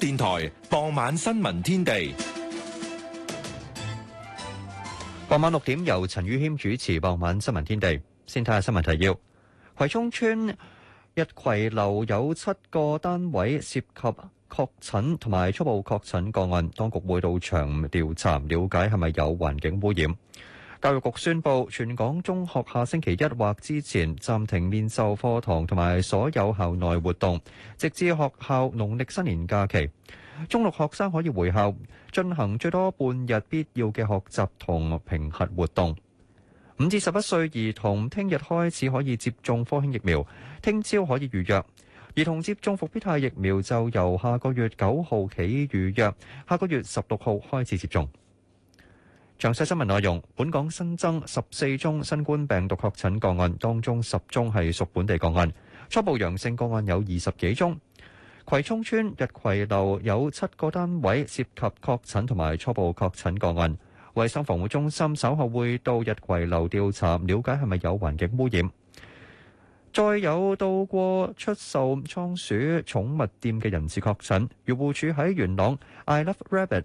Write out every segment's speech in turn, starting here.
電台傍晚新聞天地，傍晚六點由陳宇謙主持。傍晚新聞天，天地，先睇下新聞提要。葵涌村日葵樓有七個單位涉及確診同埋初步確診個案，當局會到場調查，了解係咪有環境污染。教育局宣布，全港中學下星期一或之前暫停面授課堂同埋所有校內活動，直至學校農曆新年假期。中六學生可以回校進行最多半日必要嘅學習同評核活動。五至十一歲兒童聽日開始可以接種科興疫苗，聽朝可以預約，兒童接種復必泰疫苗就由下個月九號起預約，下個月十六號開始接種。詳細新聞內容：本港新增十四宗新冠病毒確診個案，當中十宗係屬本地個案。初步陽性個案有二十幾宗。葵涌村日葵樓有七個單位涉及確診同埋初步確診個案。衛生防護中心稍後會到日葵樓調查，了解係咪有環境污染。再有到過出售倉鼠寵物店嘅人士確診。漁護署喺元朗 I Love Rabbit。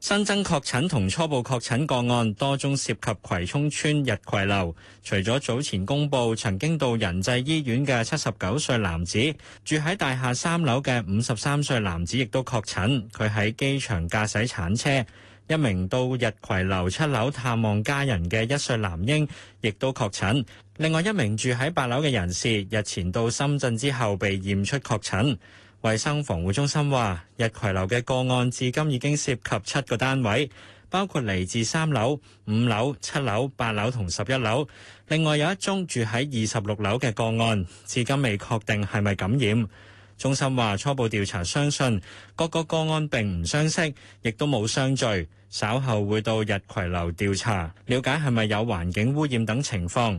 新增確診同初步確診個案多宗，涉及葵涌村日葵樓，除咗早前公布曾經到仁濟醫院嘅七十九歲男子，住喺大廈三樓嘅五十三歲男子亦都確診，佢喺機場駕駛鏟車，一名到日葵樓七樓探望家人嘅一歲男嬰亦都確診。另外一名住喺八樓嘅人士，日前到深圳之後被驗出確診，衛生防護中心話日葵樓嘅個案至今已經涉及七個單位，包括嚟自三樓、五樓、七樓、八樓同十一樓，另外有一宗住喺二十六樓嘅個案，至今未確定係咪感染。中心話初步調查，相信各個個個案並唔相識，亦都冇相聚。稍後會到日葵樓調查，了解係咪有環境污染等情況。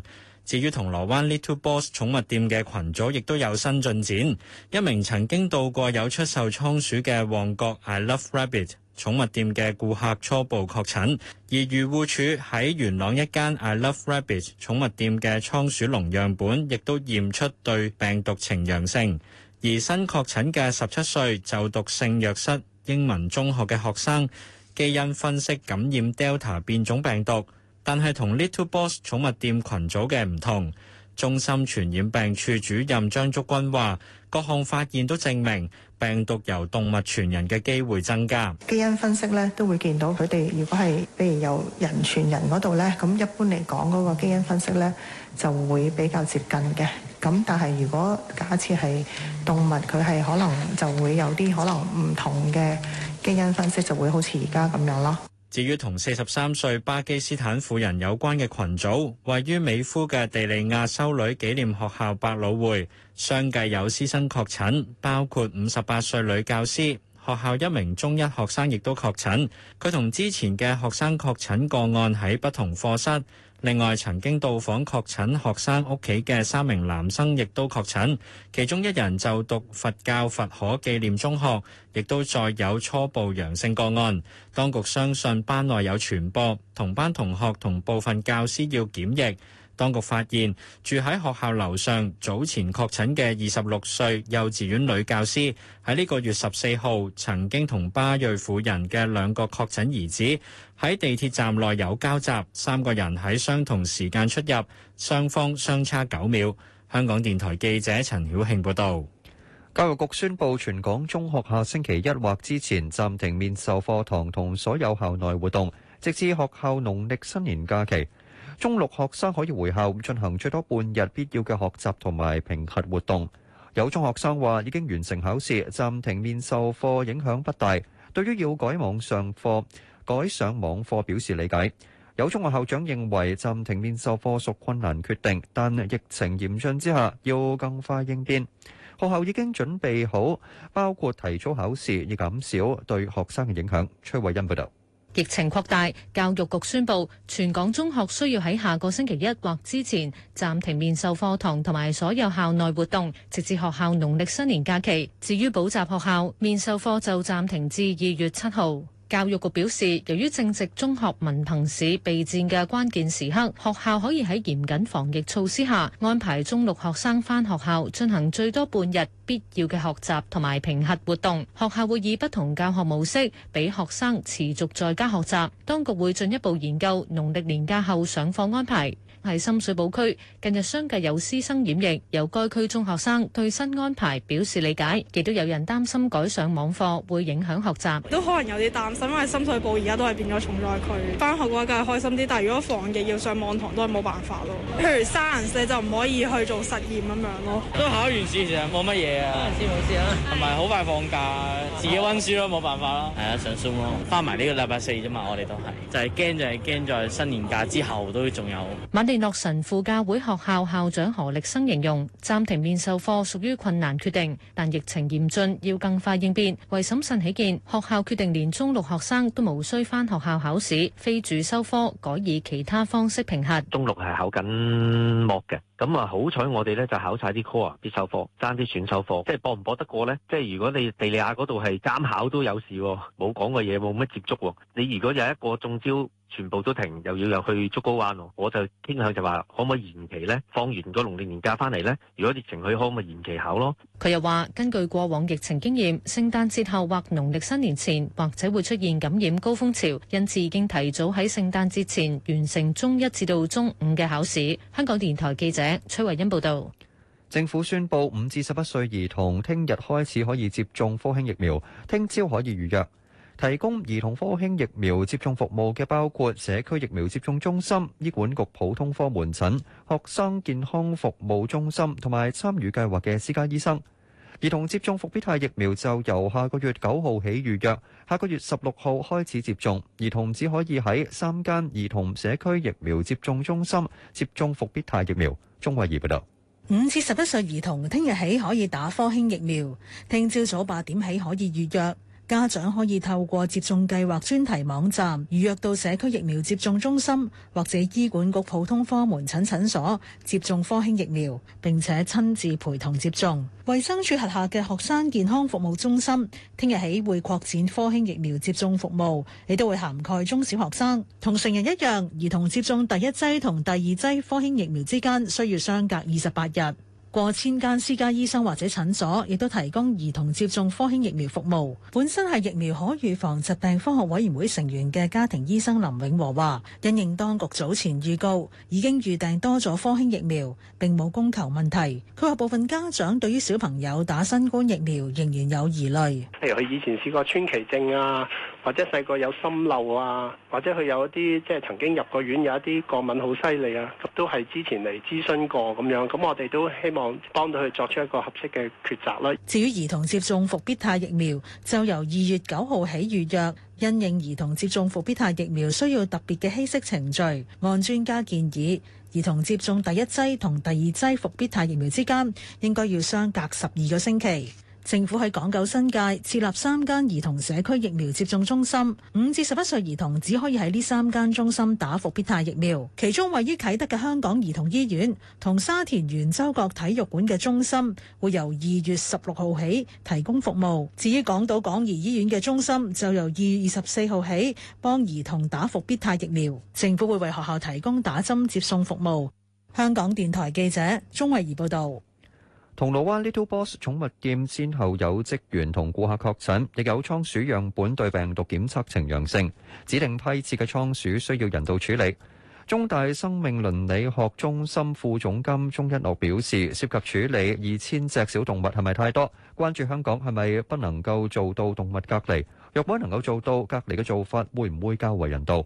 至於銅鑼灣 Little Boss 寵物店嘅群組亦都有新進展，一名曾經到過有出售倉鼠嘅旺角 I Love Rabbit 寵物店嘅顧客初步確診，而漁護署喺元朗一間 I Love Rabbit 寵物店嘅倉鼠籠樣本亦都驗出對病毒呈陽性，而新確診嘅十七歲就讀聖約瑟英文中學嘅學生，基因分析感染 Delta 變種病毒。但係同 Little Boss 寵物店群組嘅唔同，中心傳染病處主任張竹君話：各項發現都證明病毒由動物傳人嘅機會增加。基因分析咧都會見到佢哋，如果係譬如由人傳人嗰度咧，咁一般嚟講嗰個基因分析咧就會比較接近嘅。咁但係如果假設係動物，佢係可能就會有啲可能唔同嘅基因分析，就會好似而家咁樣咯。至於同四十三歲巴基斯坦婦人有關嘅群組，位於美孚嘅地利亞修女紀念學校百老匯，相繼有師生確診，包括五十八歲女教師，學校一名中一學生亦都確診，佢同之前嘅學生確診個案喺不同課室。另外，曾經到訪確診學生屋企嘅三名男生亦都確診，其中一人就讀佛教佛可紀念中學，亦都再有初步陽性個案。當局相信班內有傳播，同班同學同部分教師要檢疫。當局發現住喺學校樓上早前確診嘅二十六歲幼稚園女教師，喺呢個月十四號曾經同巴瑞婦人嘅兩個確診兒子喺地鐵站內有交集，三個人喺相同時間出入，雙方相差九秒。香港電台記者陳曉慶報道，教育局宣布全港中學下星期一或之前暫停面授課堂同所有校內活動，直至學校農曆新年假期。中六學生可以回校進行最多半日必要嘅學習同埋評核活動。有中學生話已經完成考試，暫停面授課影響不大。對於要改網上課、改上網課表示理解。有中學校長認為暫停面授課屬困難決定，但疫情嚴峻之下要更快應變。學校已經準備好，包括提早考試亦減少對學生嘅影響。崔慧欣報道。疫情擴大，教育局宣布全港中學需要喺下個星期一或之前暫停面授課堂同埋所有校內活動，直至學校農曆新年假期。至於補習學校，面授課就暫停至二月七號。教育局表示，由於正值中學文憑試備戰嘅關鍵時刻，學校可以喺嚴謹防疫措施下安排中六學生返學校進行最多半日。必要嘅學習同埋評核活動，學校會以不同教學模式俾學生持續在家學習。當局會進一步研究農曆年假後上課安排。喺深水埗區，近日相繼有師生染疫，有該區中學生對新安排表示理解，亦都有人擔心改上網課會影響學習。都可能有啲擔心，因為深水埗而家都係變咗重災區。翻學嘅話梗係開心啲，但係如果防疫要上網堂都係冇辦法咯。譬如三、四就唔可以去做實驗咁樣咯。都考完試成日冇乜嘢。睇下事冇事啦，同埋好快放假，自己溫書咯，冇辦法咯。係 啊，上書咯，翻埋呢個禮拜四啫嘛，我哋都係，就係、是、驚就係驚在新年假之後都仲有。瑪利諾神父教會學校校校長何力生形容暫停面授課屬於困難決定，但疫情嚴峻，要更快應變。為審慎起見，學校決定連中六學生都無需翻學校考試，非主修科改以其他方式評核。中六係考緊模嘅。咁啊，好彩我哋呢就考晒啲 core 必修課，爭啲選修課，即係搏唔搏得過呢？即係如果你地理呀嗰度係監考都有事、哦，冇講過嘢冇乜接觸、哦，你如果有一個中招。全部都停，又要又去竹篙灣，我就傾向就話可唔可以延期咧？放完個農曆年假翻嚟咧，如果疫情許可，可唔可以延期考咯。佢又話根據過往疫情經驗，聖誕節後或農曆新年前，或者會出現感染高峰潮，因此已經提早喺聖誕節前完成中一至到中五嘅考試。香港電台記者崔慧欣報道。政府宣布，五至十一歲兒童聽日開始可以接種科興疫苗，聽朝可以預約。提供兒童科興疫苗接種服務嘅包括社區疫苗接種中心、醫管局普通科門診、學生健康服務中心同埋參與計劃嘅私家醫生。兒童接種復必泰疫苗就由下個月九號起預約，下個月十六號開始接種。兒童只可以喺三間兒童社區疫苗接種中心接種復必泰疫苗。鍾慧儀報道。五至十一歲兒童聽日起可以打科興疫苗，聽朝早八點起可以預約。家長可以透過接種計劃專題網站預約到社區疫苗接種中心或者醫管局普通科門診診所接種科興疫苗，並且親自陪同接種。衛生署轄下嘅學生健康服務中心，聽日起會擴展科興疫苗接種服務，亦都會涵蓋中小學生，同成人一樣。兒童接種第一劑同第二劑科興疫苗之間需要相隔二十八日。過千間私家醫生或者診所，亦都提供兒童接種科興疫苗服務。本身係疫苗可預防疾病科學委員會成員嘅家庭醫生林永和話，因應當局早前預告，已經預訂多咗科興疫苗，並冇供求問題。佢話部分家長對於小朋友打新冠疫苗仍然有疑慮，譬如佢以前試過川崎症啊。或者細個有心漏啊，或者佢有一啲即係曾經入過院，有一啲過敏好犀利啊，都係之前嚟諮詢過咁樣，咁我哋都希望幫到佢作出一個合適嘅抉擇啦。至於兒童接種復必泰疫苗，就由二月九號起預約。因應兒童接種復必泰疫苗需要特別嘅稀釋程序，按專家建議，兒童接種第一劑同第二劑復必泰疫苗之間應該要相隔十二個星期。政府喺港九新界設立三間兒童社區疫苗接種中心，五至十一歲兒童只可以喺呢三間中心打復必泰疫苗。其中位於啟德嘅香港兒童醫院同沙田圓洲角體育館嘅中心會由二月十六號起提供服務。至於港島港怡醫院嘅中心就由二月二十四號起幫兒童打復必泰疫苗。政府會為學校提供打針接送服務。香港電台記者鍾慧儀報道。。銅鑼灣 Little Boss 寵物店先後有職員同顧客確診，亦有倉鼠樣本對病毒檢測呈陽性，指定批次嘅倉鼠需要人道處理。中大生命倫理學中心副總監鍾一諾表示，涉及處理二千隻小動物係咪太多？關注香港係咪不能夠做到動物隔離？若果能夠做到隔離嘅做法，會唔會較為人道？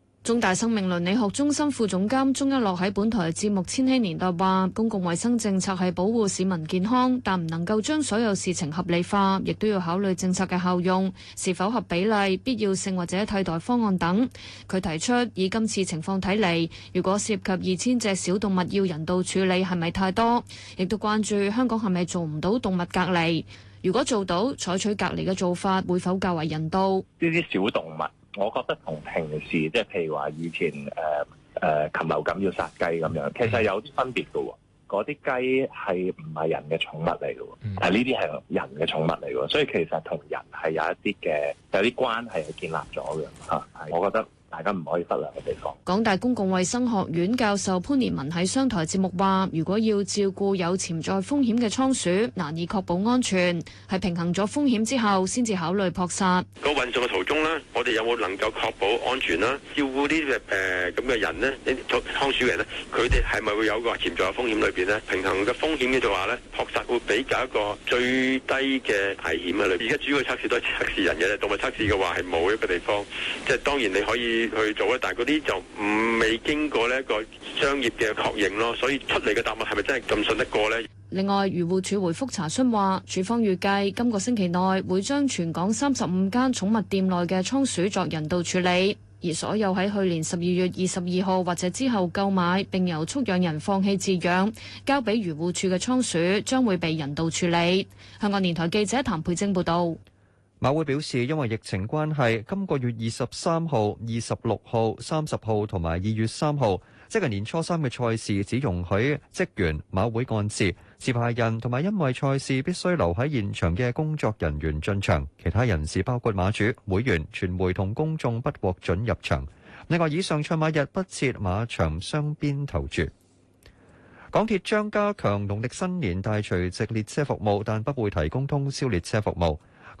中大生命倫理學中心副總監鍾一樂喺本台節目《千禧年代》話，公共衛生政策係保護市民健康，但唔能夠將所有事情合理化，亦都要考慮政策嘅效用、是否合比例、必要性或者替代方案等。佢提出，以今次情況睇嚟，如果涉及二千隻小動物要人道處理，係咪太多？亦都關注香港係咪做唔到動物隔離？如果做到，採取隔離嘅做法會否較為人道？呢啲小動物。我覺得同平時即係譬如話以前誒誒禽流感要殺雞咁樣，其實有啲分別嘅喎、哦。嗰啲雞係唔係人嘅寵物嚟嘅喎？嗯、但係呢啲係人嘅寵物嚟嘅喎，所以其實同人係有一啲嘅有啲關係係建立咗嘅嚇。啊、係。我覺得。大家唔可以忽略嘅地方。港大公共衛生學院教授潘連文喺商台節目話，如果要照顧有潛在風險嘅倉鼠，難以確保安全，係平衡咗風險之後先至考慮撲殺。個運送嘅途中咧，我哋有冇能夠確保安全啦，照顧啲誒咁嘅人咧，倉鼠人咧，佢哋係咪會有個潛在嘅風險裏邊咧？平衡嘅風險嘅就話咧，撲殺會比較一個最低嘅危險啊裏邊。而家主要測試都係測試人嘅，動物測試嘅話係冇一個地方。即係當然你可以。去做咧，但係嗰啲就唔未經過呢一個商業嘅確認咯，所以出嚟嘅答案係咪真係咁信得過咧？另外，漁護署回覆查詢話，署方預計今個星期內會將全港三十五間寵物店內嘅倉鼠作人道處理，而所有喺去年十二月二十二號或者之後購買並由畜養人放棄飼養交俾漁護署嘅倉鼠將會被人道處理。香港電台記者譚佩貞報道。馬會表示，因為疫情關係，今個月二十三號、二十六號、三十號同埋二月三號，即係年初三嘅賽事，只容許職員、馬會幹事、接派人同埋因為賽事必須留喺現場嘅工作人員進場，其他人士包括馬主、會員、傳媒同公眾不獲准入場。另外，以上賽馬日不設馬場雙邊投注。港鐵將加強農曆新年大除夕列車服務，但不會提供通宵列車服務。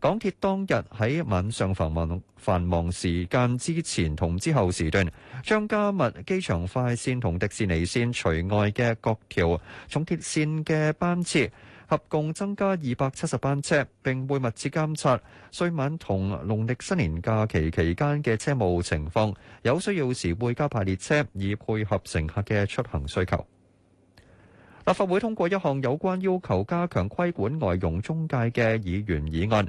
港鐵當日喺晚上繁忙繁忙時間之前同之後時段，將加密機場快線同迪士尼線除外嘅各條重鐵線嘅班次，合共增加二百七十班車。並會密切監察歲晚同農曆新年假期期間嘅車務情況，有需要時會加派列車，以配合乘客嘅出行需求。立法會通過一項有關要求加強規管外傭中介嘅議員議案。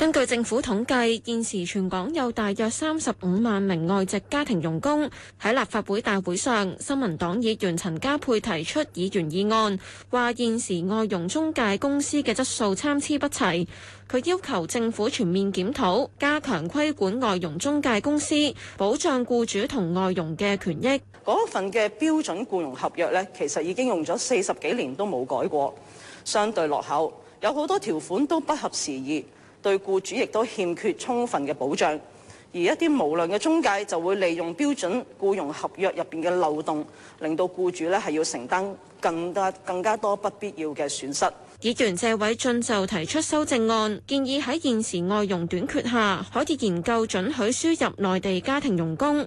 根據政府統計，現時全港有大約三十五萬名外籍家庭傭工。喺立法會大會上，新聞黨議員陳家佩提出議員議案，話現時外傭中介公司嘅質素參差不齊。佢要求政府全面檢討，加強規管外傭中介公司，保障僱主同外傭嘅權益。嗰份嘅標準僱傭合約呢，其實已經用咗四十幾年都冇改過，相對落後，有好多條款都不合時宜。對僱主亦都欠缺充分嘅保障，而一啲無良嘅中介就會利用標準僱傭合約入邊嘅漏洞，令到僱主咧係要承擔更加更加多不必要嘅損失。議員謝偉俊就提出修正案，建議喺現時外傭短缺下，可以研究准許輸入內地家庭傭工。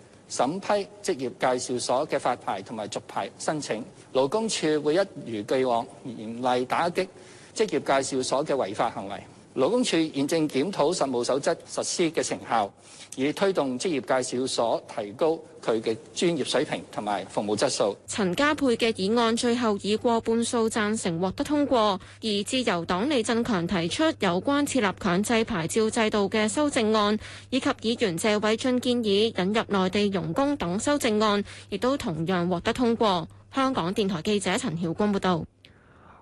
審批職業介紹所嘅發牌同埋續牌申請，勞工處會一如既往嚴厲打擊職業介紹所嘅違法行為。勞工處現正檢討實務守則實施嘅成效，以推動職業介紹所提高佢嘅專業水平同埋服務質素。陳家佩嘅議案最後以過半數贊成獲得通過，而自由黨李鎮強提出有關設立強制牌照制度嘅修正案，以及議員謝偉俊建議引入內地傭工等修正案，亦都同樣獲得通過。香港電台記者陳曉君報道。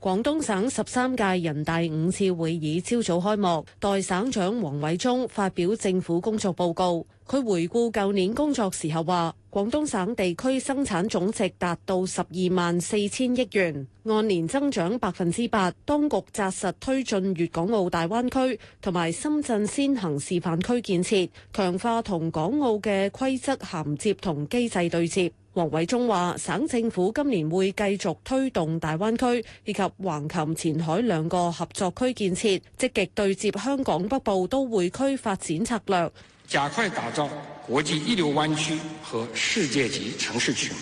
廣東省十三屆人大五次會議朝早開幕，代省長王偉中發表政府工作報告。佢回顧舊年工作時候話，廣東省地區生產總值達到十二萬四千億元，按年增長百分之八。當局紮實推進粵港澳大灣區同埋深圳先行示範區建設，強化同港澳嘅規則銜接同機制對接。王偉中話：省政府今年會繼續推動大灣區以及橫琴前海兩個合作區建設，積極對接香港北部都會區發展策略，加快打造國際一流灣區和世界級城市群，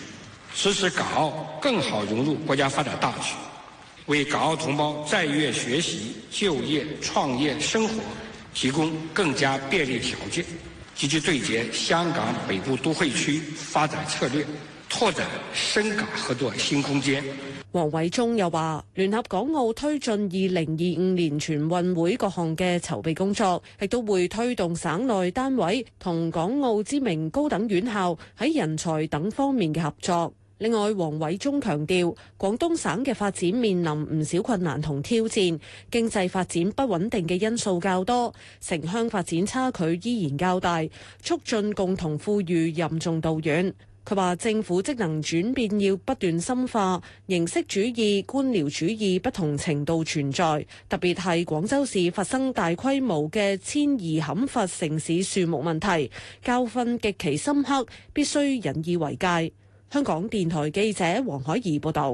促使港澳更好融入國家發展大局，為港澳同胞在粵學習、就業、創業、生活提供更加便利條件。積極對接香港北部都會區發展策略，拓展深港合作新空間。王偉中又話，聯合港澳推進二零二五年全運會各項嘅籌備工作，亦都會推動省內單位同港澳知名高等院校喺人才等方面嘅合作。另外，王偉中強調，廣東省嘅發展面臨唔少困難同挑戰，經濟發展不穩定嘅因素較多，城鄉發展差距依然較大，促進共同富裕任重道遠。佢話，政府職能轉變要不斷深化，形式主義、官僚主義不同程度存在，特別係廣州市發生大規模嘅遷移、砍伐城市樹木問題，教訓極其深刻，必須引以為戒。香港電台記者黃海怡報道：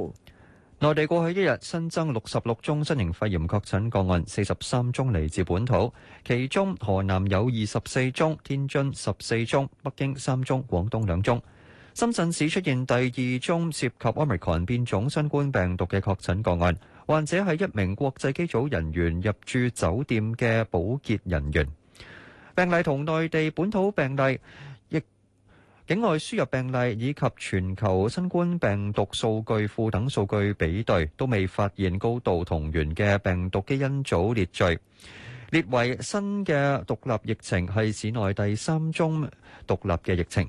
內地過去一日新增六十六宗新型肺炎確診個案，四十三宗嚟自本土，其中河南有二十四宗，天津十四宗，北京三宗，廣東兩宗。深圳市出現第二宗涉及 Omicron 變種新冠病毒嘅確診個案，患者係一名國際機組人員入住酒店嘅保潔人員。病例同內地本土病例，境外輸入病例以及全球新冠病毒數據庫等數據比對，都未發現高度同源嘅病毒基因組列序，列為新嘅獨立疫情，係市內第三宗獨立嘅疫情。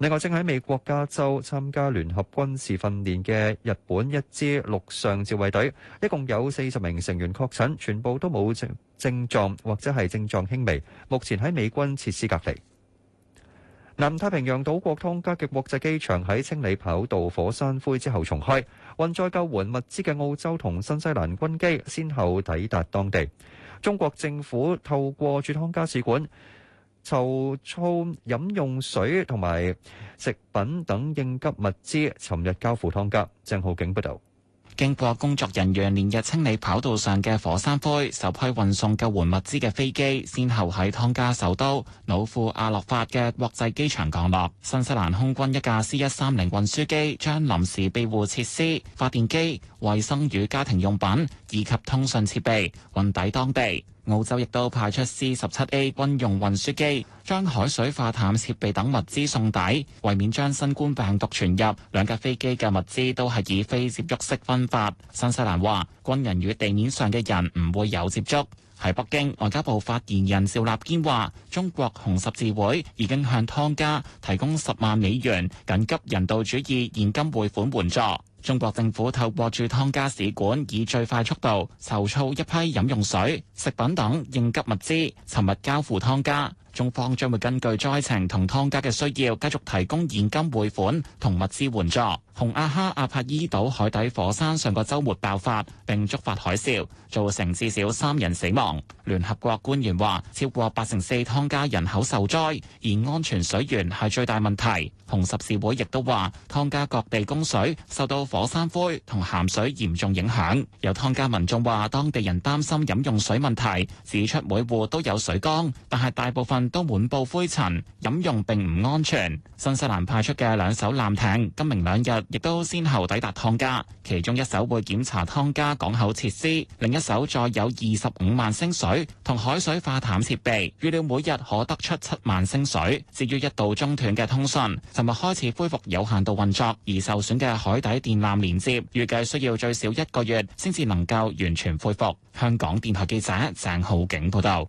另外，正喺美國加州參加聯合軍事訓練嘅日本一支陸上自衛隊，一共有四十名成員確診，全部都冇症症狀或者係症狀輕微，目前喺美軍設施隔離。南太平洋島國湯加嘅國際機場喺清理跑道火山灰之後重開，運載救援物資嘅澳洲同新西蘭軍機先後抵達當地。中國政府透過駐湯加使館。籌措飲用水同埋食品等應急物資，尋日交付湯加。鄭浩景報道。經過工作人員連日清理跑道上嘅火山灰，首批運送救援物資嘅飛機，先後喺湯加首都努庫阿洛法嘅國際機場降落。新西蘭空軍一架 C 一三零運輸機將臨時庇護設施、發電機、衛生與家庭用品以及通訊設備運抵當地。澳洲亦都派出 C 十七 A 軍用運輸機，將海水化淡設備等物資送抵，為免將新冠病毒傳入。兩架飛機嘅物資都係以非接觸式分發。新西蘭話，軍人與地面上嘅人唔會有接觸。喺北京，外交部發言人趙立堅話，中國紅十字會已經向湯加提供十萬美元緊急人道主義現金匯款援助。中國政府透過駐湯加使館，以最快速度籌措一批飲用水、食品等應急物資，尋日交付湯加。中方將會根據災情同湯加嘅需要，繼續提供現金匯款同物資援助。洪阿哈阿帕伊島海底火山上個週末爆發，並觸發海嘯，造成至少三人死亡。聯合國官員話，超過八成四湯加人口受災，而安全水源係最大問題。紅十字會亦都話，湯加各地供水受到火山灰同鹹水嚴重影響。有湯加民眾話，當地人擔心飲用水問題，指出每戶都有水缸，但係大部分，都滿布灰塵，飲用並唔安全。新西蘭派出嘅兩艘艦艇今明兩日亦都先後抵達湯加，其中一艘會檢查湯加港口設施，另一艘載有二十五萬升水同海水化淡設備，預料每日可得出七萬升水。至於一度中斷嘅通訊，尋日開始恢復有限度運作，而受損嘅海底電纜連接，預計需要最少一個月先至能夠完全恢復。香港電台記者鄭浩景報道。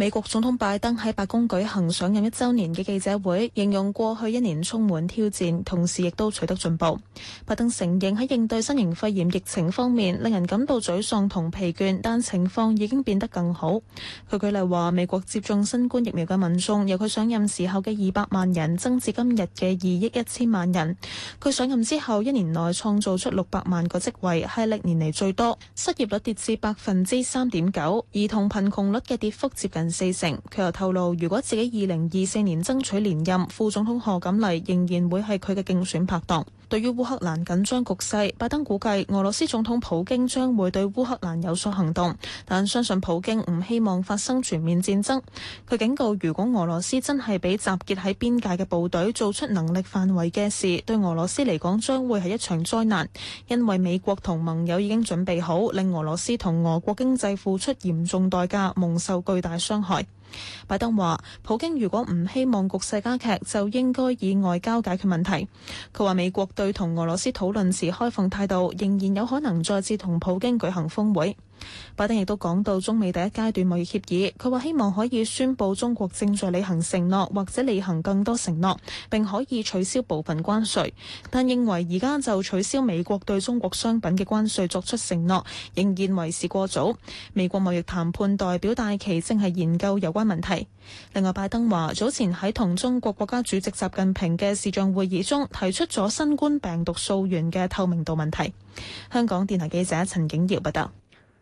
美國總統拜登喺白宮舉行上任一周年嘅記者會，形容過去一年充滿挑戰，同時亦都取得進步。拜登承認喺應對新型肺炎疫情方面令人感到沮喪同疲倦，但情況已經變得更好。佢舉例話，美國接種新冠疫苗嘅民眾由佢上任時候嘅二百萬人增至今日嘅二億一千萬人。佢上任之後一年內創造出六百萬個職位，係歷年嚟最多。失業率跌至百分之三點九，兒童貧窮率嘅跌幅接近四成，佢又透露，如果自己二零二四年爭取連任，副總統賀錦麗仍然會係佢嘅競選拍檔。對於烏克蘭緊張局勢，拜登估計俄羅斯總統普京將會對烏克蘭有所行動，但相信普京唔希望發生全面戰爭。佢警告，如果俄羅斯真係俾集結喺邊界嘅部隊做出能力範圍嘅事，對俄羅斯嚟講將會係一場災難，因為美國同盟友已經準備好，令俄羅斯同俄國經濟付出嚴重代價，蒙受巨大傷害。拜登話，普京如果唔希望局勢加劇，就應該以外交解決問題。佢話美國對同俄羅斯討論時開放態度，仍然有可能再次同普京舉行峰會。拜登亦都講到中美第一階段貿易協議，佢話希望可以宣布中國正在履行承諾，或者履行更多承諾，並可以取消部分關稅。但認為而家就取消美國對中國商品嘅關稅作出承諾，仍然為時過早。美國貿易談判代表戴琪正係研究有關問題。另外，拜登話早前喺同中國國家主席習近平嘅視像會議中提出咗新冠病毒溯源嘅透明度問題。香港電台記者陳景瑤報道。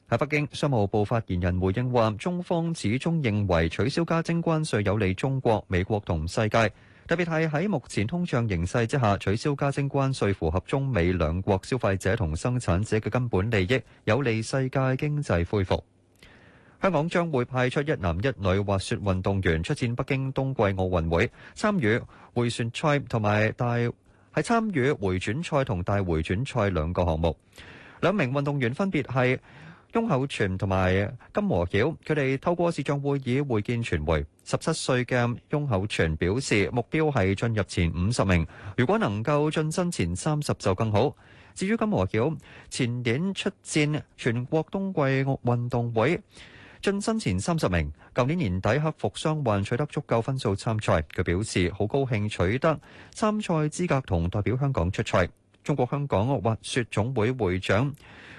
喺北京，商務部發言人回應話，中方始終認為取消加徵關稅有利中國、美國同世界。特別係喺目前通脹形勢之下，取消加徵關稅符合中美兩國消費者同生產者嘅根本利益，有利世界經濟恢復。香港將會派出一男一女滑雪運動員出戰北京冬季奧運會，參與回旋賽同埋大係參與回轉賽同大回轉賽兩個項目。兩名運動員分別係。翁厚全同埋金和曉，佢哋透過視像會議會見傳媒。十七歲嘅翁厚全表示，目標係進入前五十名，如果能夠晉身前三十就更好。至於金和曉，前年出戰全國冬季運動會，晉身前三十名。舊年年底克服傷患，取得足夠分數參賽。佢表示好高興取得參賽資格同代表香港出賽。中國香港滑雪總會會長。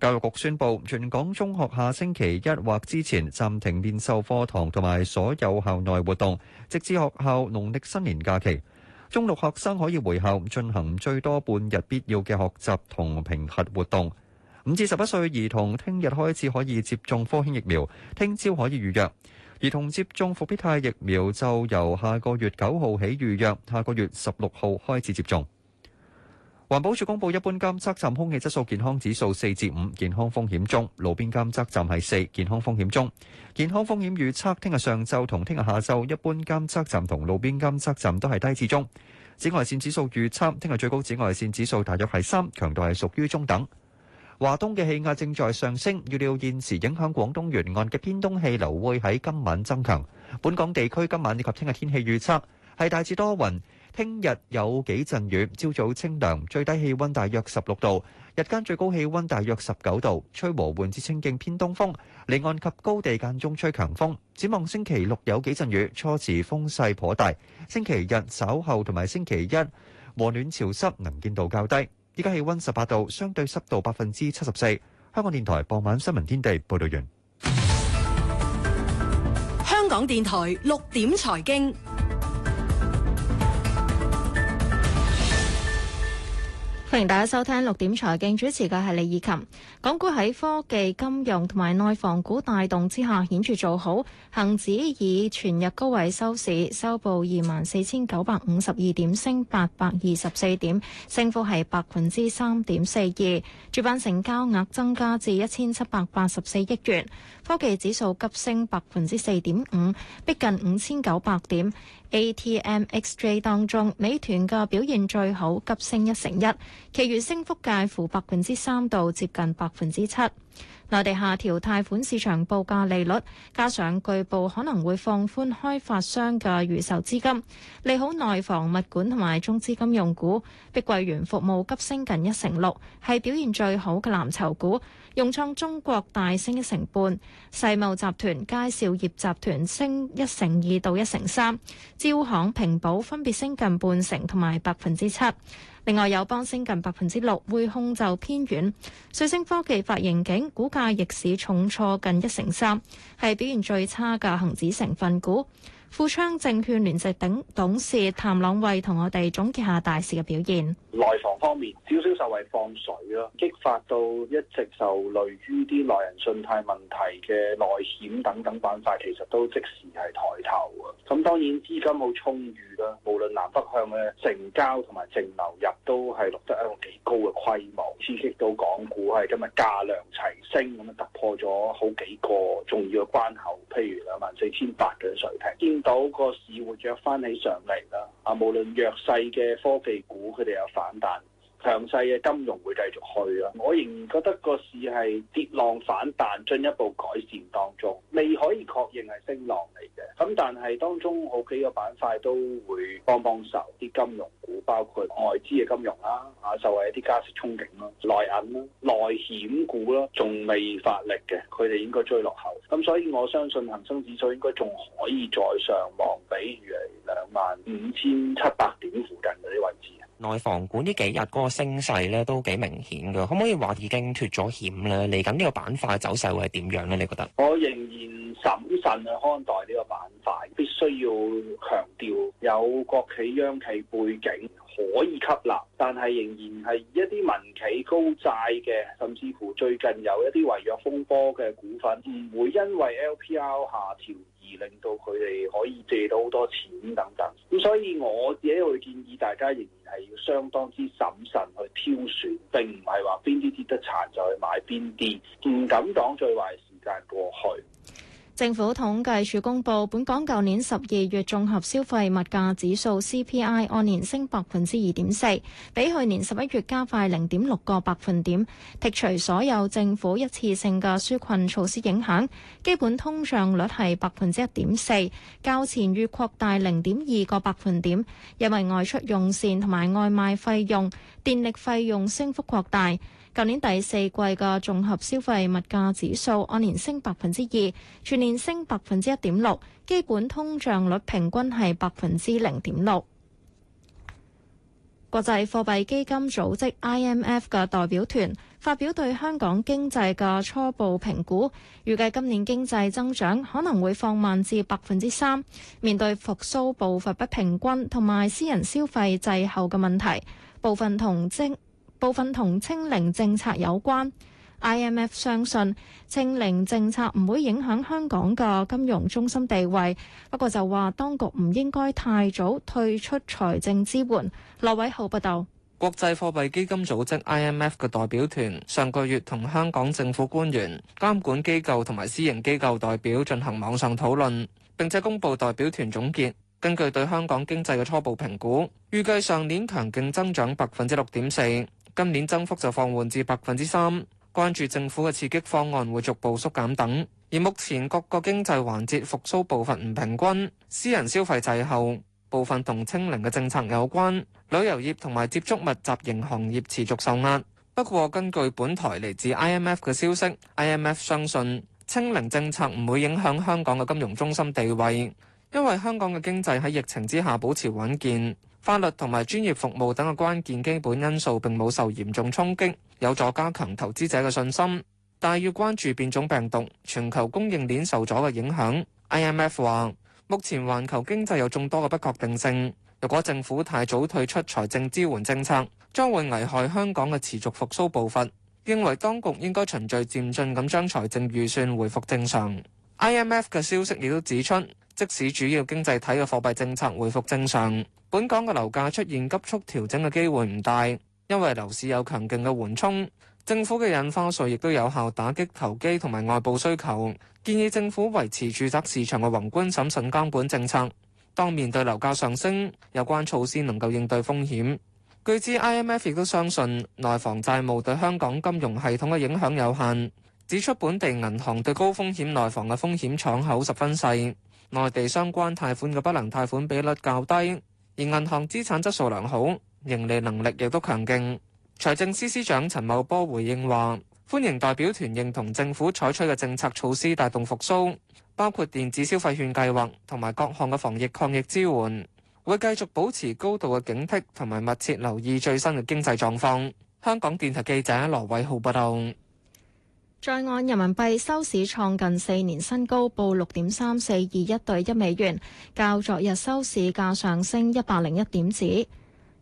教育局宣布，全港中學下星期一或之前暫停面授課堂同埋所有校內活動，直至學校農曆新年假期。中六學生可以回校進行最多半日必要嘅學習同評核活動，五至十一歲兒童聽日開始可以接種科興疫苗，聽朝可以預約，兒童接種復必泰疫苗就由下個月九號起預約，下個月十六號開始接種。環保署公布一般監測站空氣質素健康指數四至五，5，健康風險中；路邊監測站係四，健康風險中。健康風險預測聽日上晝同聽日下晝一般監測站同路邊監測站都係低至中。紫外線指數預測聽日最高紫外線指數大約係三，強度係屬於中等。華東嘅氣壓正在上升，預料現時影響廣東沿岸嘅偏東氣流會喺今晚增強。本港地區今晚以及聽日天氣預測係大致多雲。聽日有幾陣雨，朝早清涼，最低氣溫大約十六度，日間最高氣溫大約十九度，吹和緩至清勁偏東風，離岸及高地間中吹強風。展望星期六有幾陣雨，初時風勢頗大。星期日稍後同埋星期一和暖潮濕，能見度較低。依家氣溫十八度，相對濕度百分之七十四。香港電台傍晚新聞天地報道完。香港電台六點財經。歡迎大家收聽六點財經，主持嘅係李以琴。港股喺科技、金融同埋內房股帶動之下，顯著做好。恒指以全日高位收市，收報二萬四千九百五十二點，升八百二十四點，升幅係百分之三點四二。主板成交額增加至一千七百八十四億元。科技指數急升百分之四點五，逼近五千九百點。ATMXJ 當中，美團嘅表現最好，急升一成一。其餘升幅介乎百分之三到接近百分之七。內地下調貸款市場報價利率，加上據報可能會放寬開發商嘅預售資金，利好內房物管同埋中資金融股。碧桂園服務急升近一成六，係表現最好嘅藍籌股。融創中國大升一成半，世茂集團、佳兆業集團升一成二到一成三，招行、平保分別升近半成同埋百分之七。另外友邦升近百分之六，匯控就偏軟。瑞星科技發盈警，股價逆市重挫近一成三，係表現最差嘅恒指成分股。富昌證券聯席頂董事譚朗慧同我哋總結下大市嘅表現。內房方面，少少受惠放水咯，激發到一直受累於啲內人信貸問題嘅內險等等板塊，其實都即時係抬頭啊。咁當然資金好充裕啦，無論南北向嘅成交同埋淨流入都係錄得一個幾高嘅規模，刺激到港股係今日價量齊升咁樣突破咗好幾個重要嘅關口，譬如兩萬四千八嘅水平。到個市活躍翻起上嚟啦！啊，無論弱勢嘅科技股，佢哋又反彈。強勢嘅金融會繼續去啊！我仍然覺得個市係跌浪反彈，進一步改善當中，未可以確認係升浪嚟嘅。咁但係當中好幾個板塊都會幫幫手，啲金融股包括外資嘅金融啦、啊，啊就係一啲加息憧憬啦、啊、內銀啦、啊、內險股啦、啊，仲未發力嘅，佢哋應該追落後。咁所以我相信恒生指數應該仲可以再上望，比如係兩萬五千七百點附近嗰啲位置。內房管幾呢幾日嗰個升勢咧都幾明顯噶，可唔可以話已經脫咗險咧？嚟緊呢個板塊走勢會係點樣咧？你覺得？我仍然審慎去看待呢個板塊，必須要強調有國企央企背景。可以吸納，但係仍然係一啲民企高債嘅，甚至乎最近有一啲違約風波嘅股份，唔會因為 LPR 下調而令到佢哋可以借到好多錢等等。咁所以我自己會建議大家仍然係要相當之審慎去挑選，並唔係話邊啲跌得殘就去買邊啲，唔敢講最壞時間過去。政府統計處公布，本港舊年十二月綜合消費物價指數 CPI 按年升百分之二點四，比去年十一月加快零點六個百分點。剔除所有政府一次性嘅紓困措施影響，基本通脹率係百分之一點四，較前月擴大零點二個百分點，因為外出用膳同埋外賣費用、電力費用升幅擴大。舊年第四季嘅綜合消費物價指數按年升百分之二，全年升百分之一點六，基本通脹率平均係百分之零點六。國際貨幣基金組織 （IMF） 嘅代表團發表對香港經濟嘅初步評估，預計今年經濟增長可能會放慢至百分之三。面對復甦步伐不平均同埋私人消費滯後嘅問題，部分同徵。部分同清零政策有關，IMF 相信清零政策唔會影響香港嘅金融中心地位。不過就話當局唔應該太早退出財政支援。羅偉浩報道，國際貨幣基金組織 IMF 嘅代表團上個月同香港政府官員、監管機構同埋私營機構代表進行網上討論，並且公布代表團總結，根據對香港經濟嘅初步評估，預計上年強勁增長百分之六點四。今年增幅就放緩至百分之三，關注政府嘅刺激方案會逐步縮減等。而目前各個經濟環節復甦部分唔平均，私人消費滯後，部分同清零嘅政策有關，旅遊業同埋接觸密集型行業持續受壓。不過根據本台嚟自 IMF 嘅消息，IMF 相信清零政策唔會影響香港嘅金融中心地位，因為香港嘅經濟喺疫情之下保持穩健。法律同埋專業服務等嘅關鍵基本因素，並冇受嚴重衝擊，有助加強投資者嘅信心。但要關注變種病毒、全球供應鏈受阻嘅影響。IMF 話，目前環球經濟有眾多嘅不確定性。若果政府太早退出財政支援政策，將會危害香港嘅持續復甦步伐。認為當局應該循序漸進咁將財政預算回復正常。IMF 嘅消息亦都指出，即使主要經濟體嘅貨幣政策回復正常。本港嘅樓價出現急速調整嘅機會唔大，因為樓市有強勁嘅緩衝。政府嘅印花稅亦都有效打擊投機同埋外部需求。建議政府維持住宅市場嘅宏觀審慎監管政策。當面對樓價上升，有關措施能夠應對風險。據知，IMF 亦都相信內房債務對香港金融系統嘅影響有限，指出本地銀行對高風險內房嘅風險敞口十分細，內地相關貸款嘅不良貸款比率較低。而銀行資產質素良好，盈利能力亦都強勁。財政司司長陳茂波回應話：歡迎代表團認同政府採取嘅政策措施帶動復甦，包括電子消費券計劃同埋各項嘅防疫抗疫支援，會繼續保持高度嘅警惕同埋密切留意最新嘅經濟狀況。香港電台記者羅偉浩報道。在岸人民幣收市創近四年新高，報六點三四二一對一美元，較昨日收市價上升一百零一點子。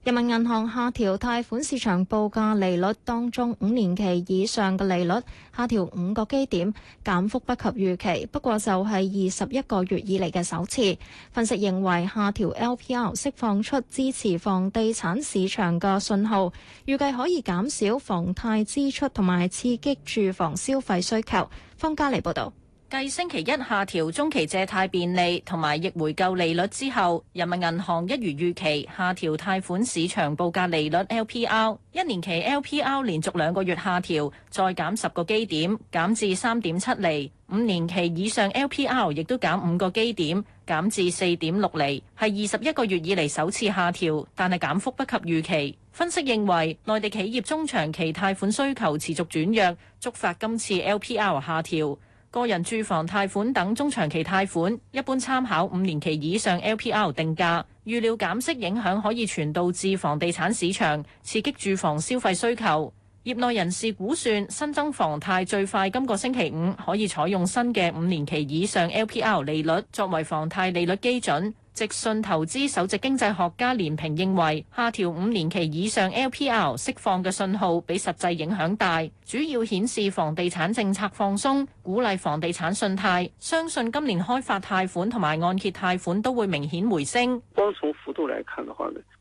人民銀行下調貸款市場報價利率，當中五年期以上嘅利率下調五個基點，減幅不及預期。不過就係二十一個月以嚟嘅首次。分析認為下調 LPR 釋放出支持房地產市場嘅信號，預計可以減少房貸支出同埋刺激住房消費需求。方嘉莉報道。繼星期一下調中期借貸便利同埋逆回購利率之後，人民銀行一如預期下調貸款市場報價利率 LPR，一年期 LPR 連續兩個月下調，再減十個基點，減至三點七厘；五年期以上 LPR 亦都減五個基點，減至四點六厘，係二十一個月以嚟首次下調，但係減幅不及預期。分析認為，內地企業中長期貸款需求持續轉弱，觸發今次 LPR 下調。個人住房貸款等中長期貸款，一般參考五年期以上 LPR 定價。預料減息影響可以傳導至房地產市場，刺激住房消費需求。業內人士估算，新增房貸最快今個星期五可以採用新嘅五年期以上 LPR 利率作為房貸利率基準。直信投資首席經濟學家連平認為，下調五年期以上 LPR 釋放嘅信號比實際影響大，主要顯示房地產政策放鬆，鼓勵房地產信貸，相信今年開發貸款同埋按揭貸款都會明顯回升。光從幅度來看嘅話呢。.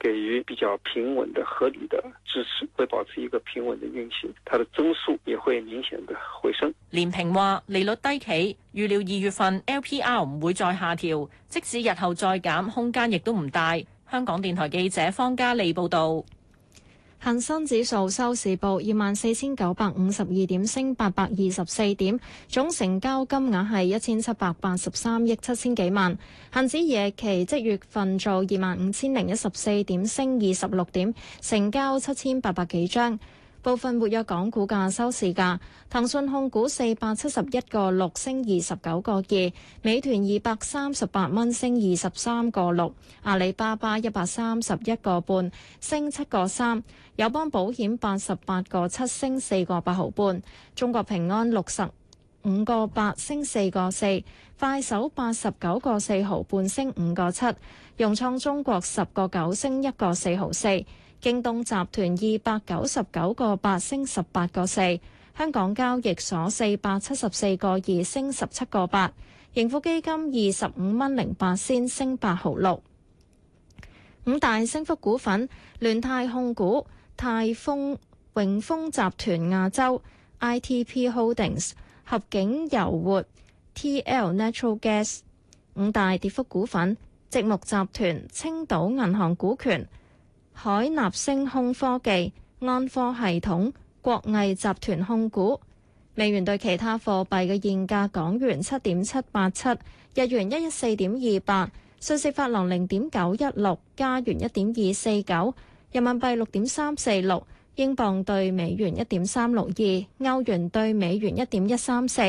給予比較平穩的合理的支持，會保持一個平穩的運行，它的增速也會明顯的回升。連平話：利率低企，預料二月份 LPR 唔會再下調，即使日後再減，空間亦都唔大。香港電台記者方嘉莉報道。恒生指數收市報二萬四千九百五十二點，升八百二十四點，總成交金額係一千七百八十三億七千幾萬。恒指夜期即月份做二萬五千零一十四點，升二十六點，成交七千八百幾張。部分活躍港股價收市價，騰訊控股四百七十一個六升二十九個二，美團二百三十八蚊升二十三個六，阿里巴巴一百三十一個半升七個三，友邦保險八十八個七升四個八毫半，中國平安六十五個八升四個四，快手八十九個四毫半升五個七，融創中國十個九升一個四毫四。京東集團二百九十九個八升十八個四，香港交易所四百七十四個二升十七個八，盈富基金二十五蚊零八先升八毫六。五大升幅股份：聯泰控股、泰豐、永豐集團、亞洲 ITP Holdings、合景油活、TL Natural Gas。五大跌幅股份：積木集團、青島銀行股權。海納星空科技、安科系統、國藝集團控股。美元兌其他貨幣嘅現價：港元七點七八七，日元一一四點二八，瑞士法郎零點九一六，加元一點二四九，人民幣六點三四六，英鎊兌美元一點三六二，歐元兌美元一點一三四，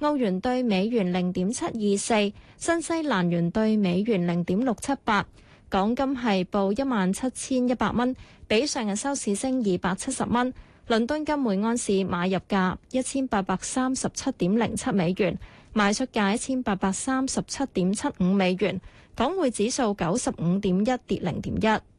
澳元兌美元零點七二四，新西蘭元兌美元零點六七八。港金係報一萬七千一百蚊，比上日收市升二百七十蚊。倫敦金每安士買入價一千八百三十七點零七美元，賣出價一千八百三十七點七五美元。港匯指數九十五點一，跌零點一。